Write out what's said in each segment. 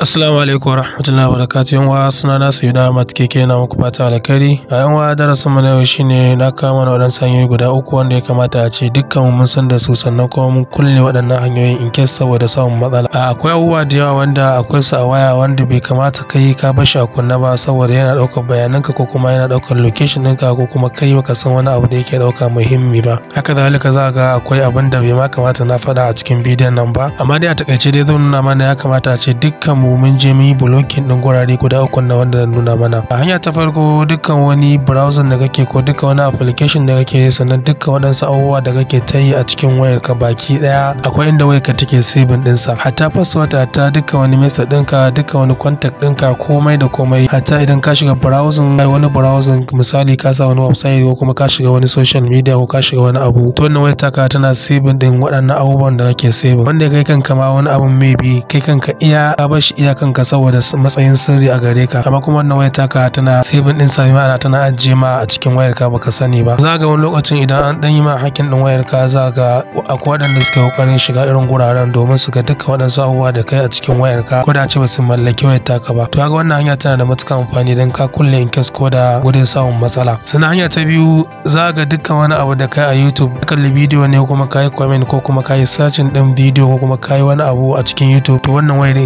Assalamu alaikum warahmatullahi wabarakatuh. Yan uwa suna na da mat keke na muku fata alkhairi. A yan uwa darasin mu na yau shine na kama na wadannan hanyoyi guda uku wanda ya kamata a ce dukkan mun san da su sannan kuma mun kulle waɗannan hanyoyin in kes saboda samun matsala. A akwai abubuwa da yawa wanda akwai su a waya wanda bai kamata kai ka bar shi a kunna ba saboda yana ɗaukar bayananka ko kuma yana ɗaukar location ɗinka ko kuma kai baka san wani abu da yake ɗauka muhimmi ba. Haka zalika za ga akwai abin da bai ma kamata na faɗa a cikin bidiyon nan ba. Amma dai a takaice dai zan nuna mana ya kamata a ce dukkan mun je mun yi blocking din gurare guda uku na wanda na nuna mana a hanya ta farko dukkan wani browser da kake ko dukkan wani application da kake sannan dukkan waɗansu abubuwa da kake ta yi a cikin wayar ka baki daya akwai inda wayar ka take saving sa hatta password hatta dukkan wani mesa dinka dukkan wani contact dinka komai da komai hatta idan ka shiga browser wani browser misali ka sa wani website ko kuma ka shiga wani social media ko ka shiga wani abu to wannan wayar taka tana saving din waɗannan abubuwan da kake saving wanda kai kanka ma wani abun maybe kai kanka iya ka bar shi iyakanka saboda matsayin sirri a gare ka amma kuma wannan wayar taka tana saving din sami ma'ana tana ajiye ma a cikin wayar ka baka sani ba za ga wani lokacin idan an dan yi ma hakkin din wayar ka za ga akwai waɗanda suke kokarin shiga irin guraren domin su ga duka waɗansu abubuwa da kai a cikin wayar ka ko da ce ba su mallaki wayar taka ba to ga wannan hanya tana da matukar amfani don ka kulle in kes ko da gudun samun matsala sannan hanya ta biyu za ga dukkan wani abu da kai a youtube kalli bidiyo ne kuma ka yi comment ko kuma ka yi searching din bidiyo ko kuma ka yi wani abu a cikin youtube to wannan wayar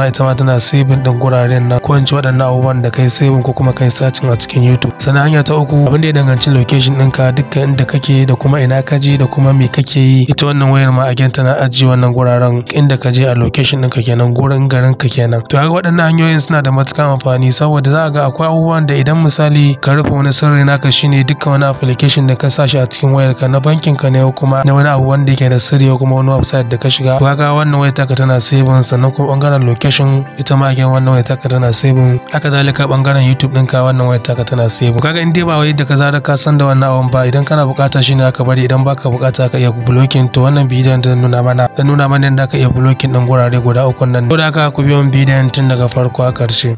dama ita ma tana saving din guraren nan ko in ci waɗannan abubuwan da kai saving ko kuma kai searching a cikin YouTube sannan hanya ta uku abin da ya danganci location ɗinka dukkan inda kake da kuma ina ka je da kuma me kake yi ita wannan wayar ma agent tana ajiye wannan guraren inda ka je a location ɗinka kenan gurin garin ka kenan to kaga waɗannan hanyoyin suna da matuƙar amfani saboda za ga akwai abubuwan da idan misali ka rufe wani sirri naka shine dukkan wani application da ka sa shi a cikin wayar ka na bankin ka ne kuma na wani abu wanda yake da sirri ko kuma wani website da ka shiga kaga wannan wayar taka tana saving sannan kuma bangaren location application ita ma again wannan wayar taka tana saving haka zalika bangaren youtube ɗinka wannan wayar taka tana saving kaga in dai ba wai da ka zara ka san da wannan abun ba idan kana bukata shine zaka bari idan baka bukata ka iya blocking to wannan bidiyon da nuna mana da nuna mana inda ka iya blocking ɗin gurare guda uku nan to da haka ku biyo bidiyon tun daga farko a ƙarshe.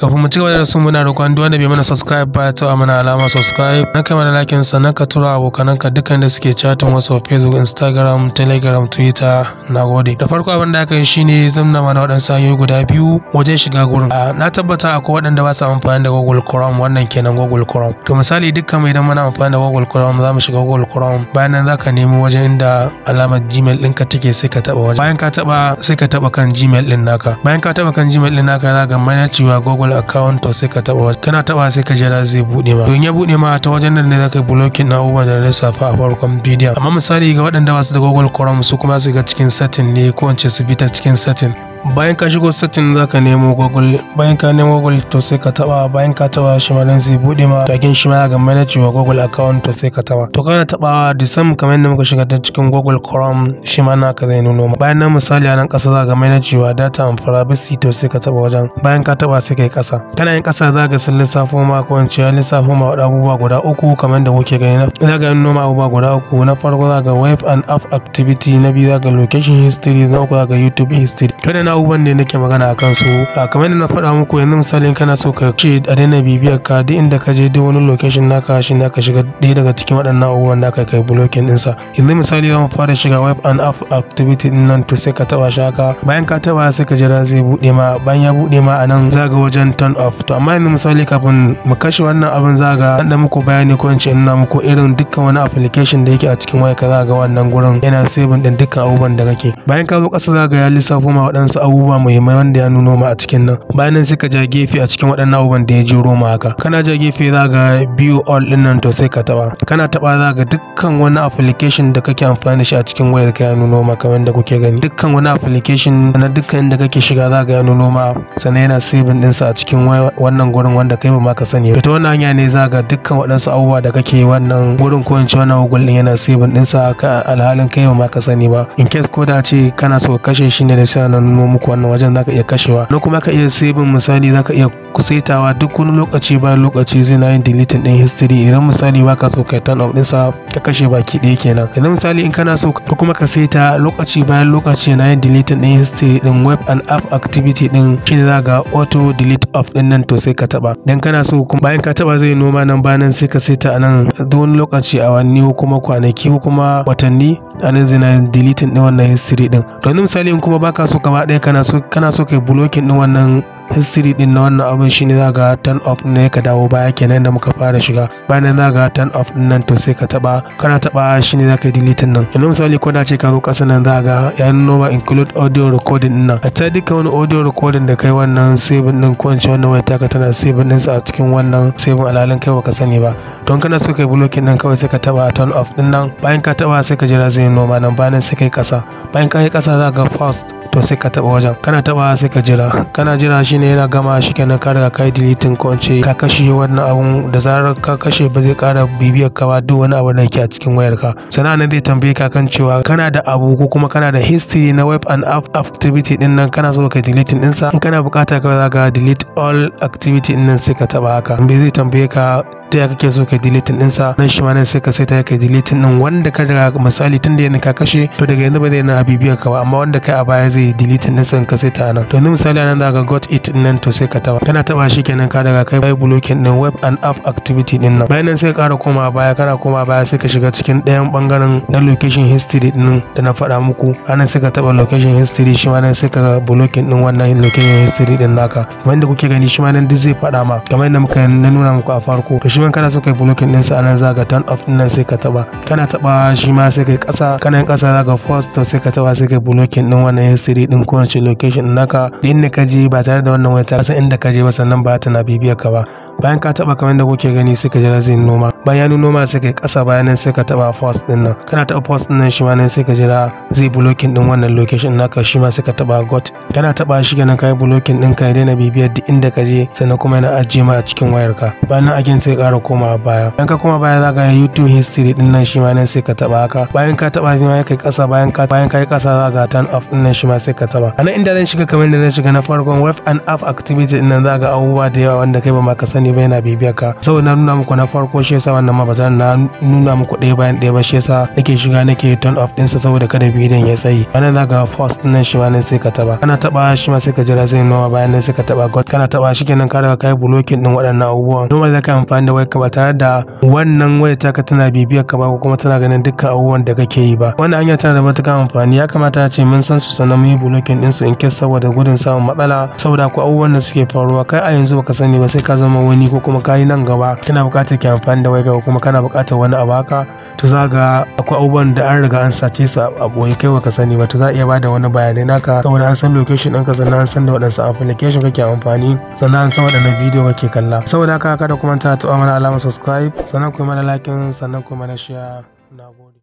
Kafin mu cigaba da rasu muna roƙon duk wanda bai mana subscribe ba ya taɓa mana alama subscribe na kai mana lakin sannan ka tura ka dukkan da suke chatin wasu Facebook, Instagram, Telegram, Twitter. Na gode. Da farko abin da aka yi shine zamna mana waɗansu hanyoyi guda biyu wajen shiga gurin. Ah, na tabbata akwai waɗanda ba su amfani da Google Chrome wannan kenan Google Chrome. To misali dukkan mu idan muna amfani da Google Chrome za mu shiga Google Chrome bayan nan za ka nemi wajen inda alamar Gmail ɗinka take sai ka taɓa wajen. Bayan ka taɓa sai ka taɓa kan Gmail ɗin naka. Bayan ka taɓa kan Gmail ɗin naka za ka mana cewa Google normal account to sai ka taba kana taba sai ka jira zai bude ma don ya bude ma ta wajen nan ne zaka blocking na abubuwan da na fa a farkon bidiyon amma misali ga waɗanda ba su da Google Chrome su kuma su ga cikin setting ne ko in ce su bi ta cikin setting bayan ka shigo setting zaka nemo Google bayan ka nemo Google to sai ka taba bayan ka taba shi ma nan zai bude ma takin shi ma ga manage wa Google account to sai ka taba to kana taba da sam kamar yadda muka shiga ta cikin Google Chrome shi ma naka zai nuno ma bayan nan misali a nan ƙasa za ka manage wa data and privacy to sai ka taba wajen bayan ka taba sai kai ƙasa tana yin ƙasa za ga sun lissafo ma ko in ya lissafo ma wadda abubuwa guda uku kamar da kuke gani za ga noma abubuwa guda uku na farko za ga web and app activity na biyu za ga location history na uku za ga youtube history waɗannan abubuwan ne nake magana akan su kamar da na faɗa muku yanzu misalin kana so ka ce a daina bibiyar ka duk inda ka je duk wani location naka shi naka shiga ɗaya daga cikin waɗannan abubuwan da kai blocking ɗinsa yanzu misali zamu fara shiga web and app activity ɗin nan to sai ka taɓa shaka bayan ka taɓa sai ka jira zai buɗe ma bayan ya buɗe ma a nan za ga wajen wannan turn off to amma yanzu misali kafin mu kashe wannan abin za ga an da muku bayani ko in ce ina muku irin dukkan wani application da yake a cikin waya ka za ga wannan gurin yana saving din dukkan abubuwan da kake bayan ka zo ƙasa za ga ya lissafo ma waɗansu abubuwa muhimmai wanda ya nuno ma a cikin nan bayan nan sai ka ja gefe a cikin waɗannan abubuwan da ya jiro ma haka kana ja gefe za ga biyu all din nan to sai ka taɓa kana taɓa za ga dukkan wani application da kake amfani da shi a cikin wayar ka ya nuno ma kamar da kuke gani dukkan wani application na dukkan inda kake shiga za ga ya nuno ma sannan yana saving din sa cikin wannan gurin wanda kai ba ma ka sani ba. to wannan hanya ne za ga dukkan waɗansu abubuwa da kake wannan gurin ko in ce wannan google din yana sa ka alhalin kai ba ma ka sani ba in case ko da ce kana so ka kashe shi ne da sai na nuno muku wannan wajen za ka iya kashewa na kuma ka iya saving misali za ka iya kusaitawa duk wani lokaci bayan lokaci zai na yin deleting ɗin history idan misali ba ka so ka turn off ɗinsa ka kashe baki ɗaya kenan idan misali in kana so ko kuma ka saita lokaci bayan lokaci na yin deleting ɗin history ɗin web and app activity ɗin shine za ga auto delete of din nan to sai ka taba dan kana so kuma bayan ka taba zai noma nan bayan sai ka saita a nan duk wani lokaci wani ko kuma kwanaki ko kuma watanni a nan zai na deleting din wannan history din to misali in kuma baka so gaba daya kana so kana so kai blocking din wannan history din na wannan abun shine za ga turn off ne ka dawo baya kenan da muka fara shiga bayan nan za ga turn off din nan to sai ka taba kana taba shine za ka delete nan yanzu misali ko da ce ka zo kasa nan za ga yan nova include audio recording din nan a ta duka wani audio recording da kai wannan save din ko in ce wannan taka tana save din sa a cikin wannan save alalan kai baka sani ba don kana so kai blocking nan kawai sai ka taba turn off din nan bayan ka taba sai ka jira zai noma nan bayan sai kai kasa bayan ka yi kasa za ka fast to sai ka taba wajen kana taba sai ka jira kana jira shine yana gama shikenan ka riga kai deleting ko ce ka kashe wannan abun da zarar ka kashe ba zai kara bibiyar ka ba duk wani abu da yake a cikin wayar ka sannan nan zai tambaye ka kan cewa kana da abu ko kuma kana da history na web and app activity din nan kana so ka deleting din sa in kana bukata kawai za ka delete all activity din nan sai ka taba haka bai zai tambaye ka ta ya kake so ka deleting ɗinsa nan shi ma nan sai ka sai ya ka deleting ɗin wanda ka daga misali tun da yana ka kashe to daga yanzu ba zai na bibiya ka ba amma wanda kai a baya zai deleting ɗinsa in ka sai ta nan to ni misali nan za ka got it nan to sai ka taba kana taba shi kenan ka daga kai blocking ɗin web and app activity ɗin nan bayan nan sai ka ƙara koma baya kana koma baya sai ka shiga cikin ɗayan ɓangaren na location history ɗin da na faɗa muku anan sai ka taba location history shi ma nan sai ka blocking ɗin wannan location history ɗin naka kamar yadda kuke gani shi ma nan duk zai faɗa ma kamar yadda muka na nuna muku a farko shi wani kana so kai blocking ɗinsa a nan za turn off ɗin nan sai ka taɓa kana taɓa shi ma sai kai ƙasa kana yin ƙasa za ka first to sai ka taɓa sai kai blocking ɗin wannan history ɗin kowace location naka da ne ka je ba tare da wannan wata ta inda ka je ba sannan ba ta na bibiyar ka ba bayan ka taba kamar da kuke gani sai ka jira zai noma bayan ya noma sai kai kasa bayan nan sai ka taba post din nan kana taba post din nan shi ma nan sai ka jira zai blocking din wannan location naka shi ma sai ka taba got kana taba shi kenan kai blocking din ka daina bibiyar duk inda ka je sannan kuma yana ajiye ma a cikin wayar ka bayan nan again sai ka koma baya bayan ka koma baya za ka yi YouTube history din nan shi ma nan sai ka taba haka bayan ka taba shi ma kai kasa bayan ka bayan kai kasa za ka turn off din nan shi ma sai ka taba anan inda zan shiga kamar da na shiga na farkon web and app activity din nan za ga abubuwa da yawa wanda kai ba ma ka sani wani ba yana bibiyar ka saboda na nuna muku na farko shi yasa wannan ma ba zan na nuna muku ɗaya bayan ɗaya ba shi yasa nake shiga nake turn off sa saboda kada bidiyon ya tsayi wannan za ga first nan shi ma nan sai ka taba kana taba shi ma sai ka jira zai noma bayan nan sai ka taba god kana taba shi kenan ka riga kai blocking din waɗannan abubuwan normal za ka amfani da wayar ka ba tare da wannan wayar ka tana bibiyar ka ba ko kuma tana ganin dukkan abubuwan da kake yi ba wannan hanya tana da matuƙar amfani ya kamata a ce mun san su sannan mun yi blocking su in kes saboda gudun samun matsala saboda ko abubuwan da suke faruwa kai a yanzu baka sani ba sai ka zama wani wani ko kuma kayi nan gaba kana buƙatar ki amfani da wayar kuma kana buƙatar wani abaka to za ga akwai abubuwan da an riga an sace su a boye kai ka sani ba to za a iya bada wani bayanai naka saboda an san location ɗinka sannan an san da waɗansu application kake amfani sannan an san waɗanne bidiyo kake kalla saboda haka kada kuma ta taɓa mana alamar subscribe sannan kuma mana like sannan kuma mana share nagode